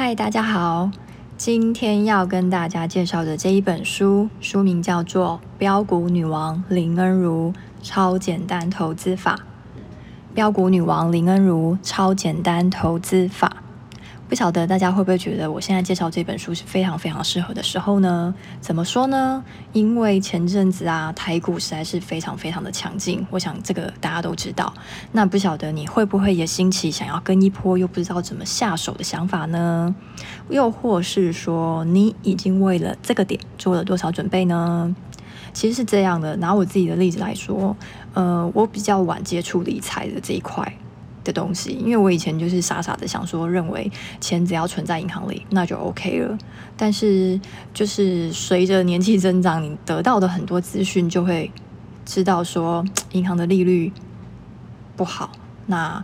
嗨，Hi, 大家好！今天要跟大家介紹的這一本書，書名叫做《飆股女王林恩如超簡單投資法》。飆股女王林恩如超簡單投資法。不曉得大家會不會覺得我現在介紹這本書是非常非常適合的時候呢？怎麼說呢？因為前陣子啊，台股實在是非常非常的強勁，我想這個大家都知道。那不曉得你會不會也興起想要跟一波，又不知道怎麼下手的想法呢？又或是說，你已經為了這個點做了多少準備呢？其實是這樣的，拿我自己的例子來說，呃，我比較晚接觸理財的這一塊。的東西，因為我以前就是傻傻的想說，認為錢只要存在銀行裡那就 OK 了。但是，就是隨着年紀增長，你得到的很多資訊就會知道說，銀行的利率不好。那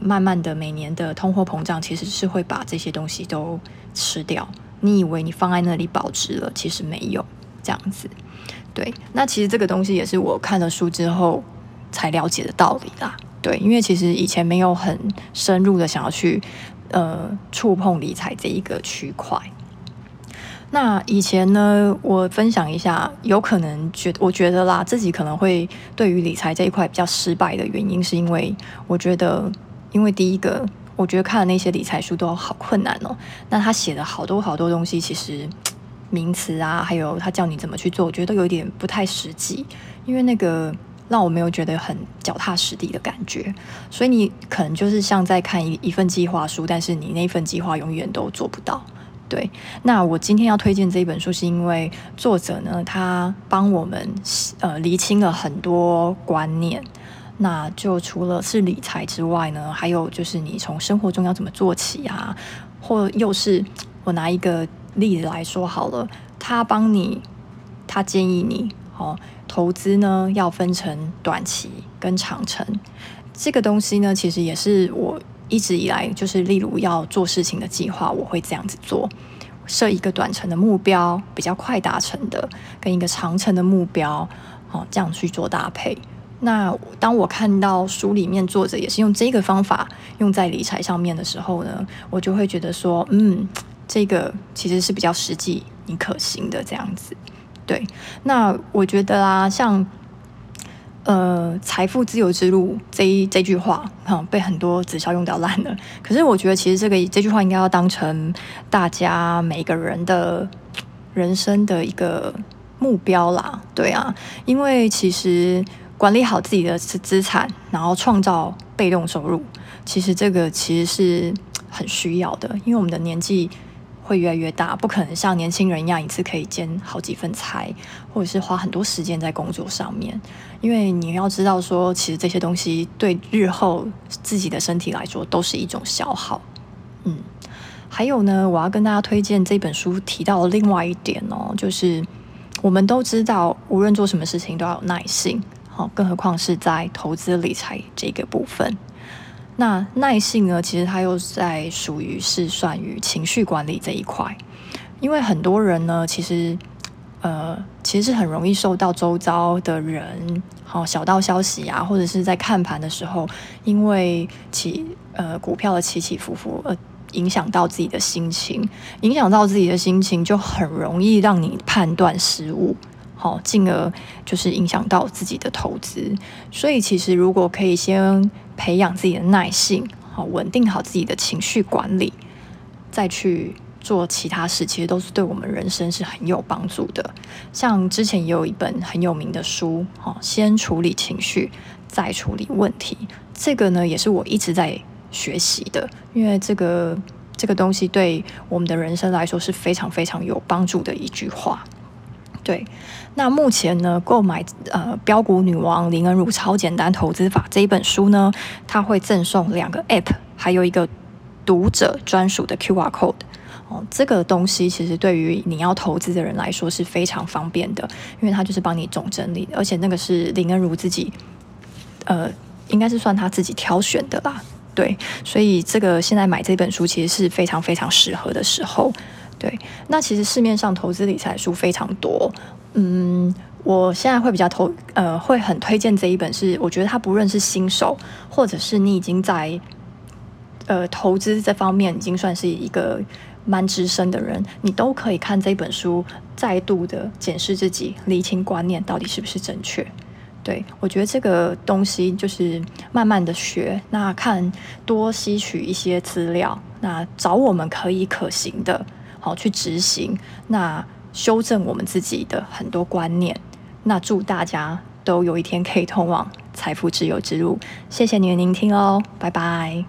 慢慢的，每年的通貨膨脹其實是會把這些東西都吃掉。你以為你放在那裡保值了，其實沒有這樣子。對，那其實這個東西也是我看了書之後才了解的道理啦。對，因為其實以前沒有很深入的想要去呃觸碰理財這一個區塊。那以前呢，我分享一下，有可能覺我覺得啦，自己可能會對於理財這一塊比較失敗的原因，是因為我覺得，因為第一個，我覺得看那些理財書都好困難哦。那他寫了好多好多東西，其實名詞啊，還有他叫你怎麼去做，我覺得都有點不太實際，因為那個。讓我沒有覺得很腳踏實地的感覺，所以你可能就是像在看一一份計劃書，但是你那份計劃永遠都做不到。對，那我今天要推薦這一本書，是因為作者呢，他幫我們呃釐清了很多觀念。那就除了是理財之外呢，還有就是你從生活中要怎麼做起啊？或又是我拿一個例子來說好了，他幫你，他建議你，哦。投資呢，要分成短期跟長程，這個東西呢，其實也是我一直以來就是，例如要做事情的計劃，我會這樣子做，設一個短程的目標，比較快達成的，跟一個長程的目標，哦，這樣去做搭配。那當我看到書裡面作者也是用這個方法用在理財上面的時候呢，我就會覺得說，嗯，這個其實是比較實際、你可行的這樣子。對，那我覺得啦、啊，像呃“財富自由之路”這這一這句話，哈、嗯，被很多直銷用到爛了。可是我覺得，其實這個這句話應該要當成大家每個人的人生的一個目標啦。對啊，因為其實管理好自己的資資產，然後創造被動收入，其實這個其實是很需要的，因為我們的年紀。會越來越大，不可能像年輕人一樣一次可以兼好幾份菜，或者是花很多時間在工作上面，因為你要知道說，其實這些東西對日後自己的身體來說都是一種消耗。嗯，還有呢，我要跟大家推薦這本書提到的另外一點哦，就是我們都知道，無論做什麼事情都要有耐心，好，更何況是在投資理財這個部分。那耐性呢？其實它又在屬於是算於情緒管理這一塊，因為很多人呢，其實呃，其實是很容易受到周遭的人，好、哦、小道消息啊，或者是在看盤的時候，因為起呃股票的起起伏伏而影響到自己的心情，影響到自己的心情，就很容易讓你判斷失誤。好，進而就是影響到自己的投資。所以其實如果可以先培養自己的耐性，好，穩定好自己的情緒管理，再去做其他事，其實都是對我們人生是很有幫助的。像之前也有一本很有名的書，好，先處理情緒，再處理問題。這個呢也是我一直在學習的，因為這個這個東西對我們的人生來說是非常非常有幫助的一句話。對，那目前呢，購買呃《飆股女王》林恩如超簡單投資法這一本書呢，它會贈送兩個 App，還有一個讀者專屬的 QR Code。哦，這個東西其實對於你要投資的人來說是非常方便的，因為它就是幫你總整理，而且那個是林恩如自己，呃，應該是算他自己挑選的啦。對，所以這個現在買這本書其實是非常非常適合的時候。對，那其實市面上投資理財書非常多。嗯，我現在會比較投，呃，會很推薦這一本是，是我覺得它不論是新手，或者是你已經在，呃，投資這方面已經算是一個蠻資深的人，你都可以看這本書，再度的檢視自己，釐清觀念到底是不是正確。對，我覺得這個東西就是慢慢的學，那看多吸取一些資料，那找我們可以可行的。好，去執行，那修正我們自己的很多觀念，那祝大家都有一天可以通往財富自由之路。謝謝你的聆聽哦，拜拜。